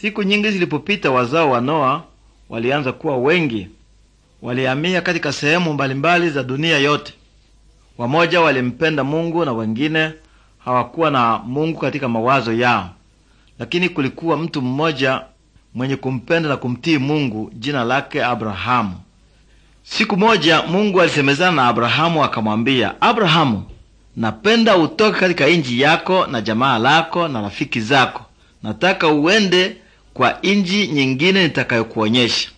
Siku nyingi zilipopita, wazao wa Noa walianza kuwa wengi, walihamia katika sehemu mbalimbali za dunia yote. Wamoja walimpenda Mungu na wengine hawakuwa na Mungu katika mawazo yao, lakini kulikuwa mtu mmoja mwenye kumpenda na kumtii Mungu, jina lake Abrahamu. Siku moja Mungu alisemezana na Abrahamu akamwambia, Abrahamu, napenda utoke katika inji yako na jamaa lako na rafiki zako, nataka uende kwa inji nyingine nitakayokuonyesha.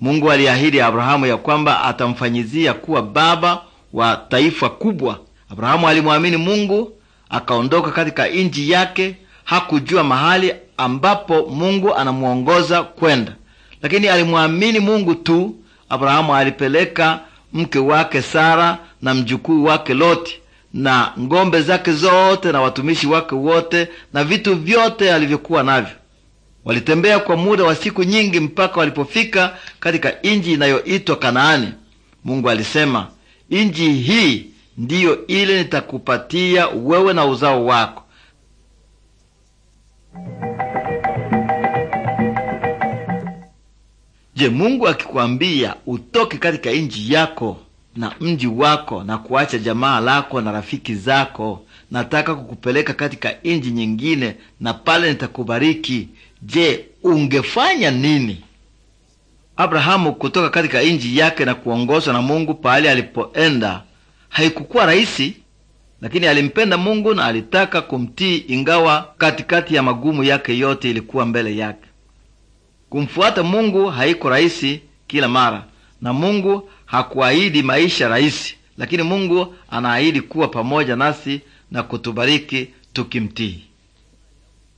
Mungu aliahidi Abrahamu ya kwamba atamfanyizia kuwa baba wa taifa kubwa. Abrahamu alimwamini Mungu, akaondoka katika inji yake. Hakujua mahali ambapo Mungu anamwongoza kwenda, lakini alimwamini Mungu tu. Abrahamu alipeleka mke wake Sara na mjukuu wake Loti na ng'ombe zake zote na watumishi wake wote na vitu vyote alivyokuwa navyo. Walitembea kwa muda wa siku nyingi mpaka walipofika katika inji inayoitwa Kanaani. Mungu alisema, inji hii ndiyo ile nitakupatia wewe na uzao wako. Je, Mungu akikwambia utoke katika inji yako na mji wako na kuacha jamaa lako na rafiki zako, nataka kukupeleka katika inji nyingine, na pale nitakubariki Je, ungefanya nini? Abrahamu kutoka katika inji yake na kuongozwa na Mungu pahali alipoenda haikukuwa rahisi, lakini alimpenda Mungu na alitaka kumtii, ingawa katikati ya magumu yake yote ilikuwa mbele yake. Kumfuata Mungu haiko rahisi kila mara, na Mungu hakuahidi maisha rahisi, lakini Mungu anaahidi kuwa pamoja nasi na kutubariki tukimtii.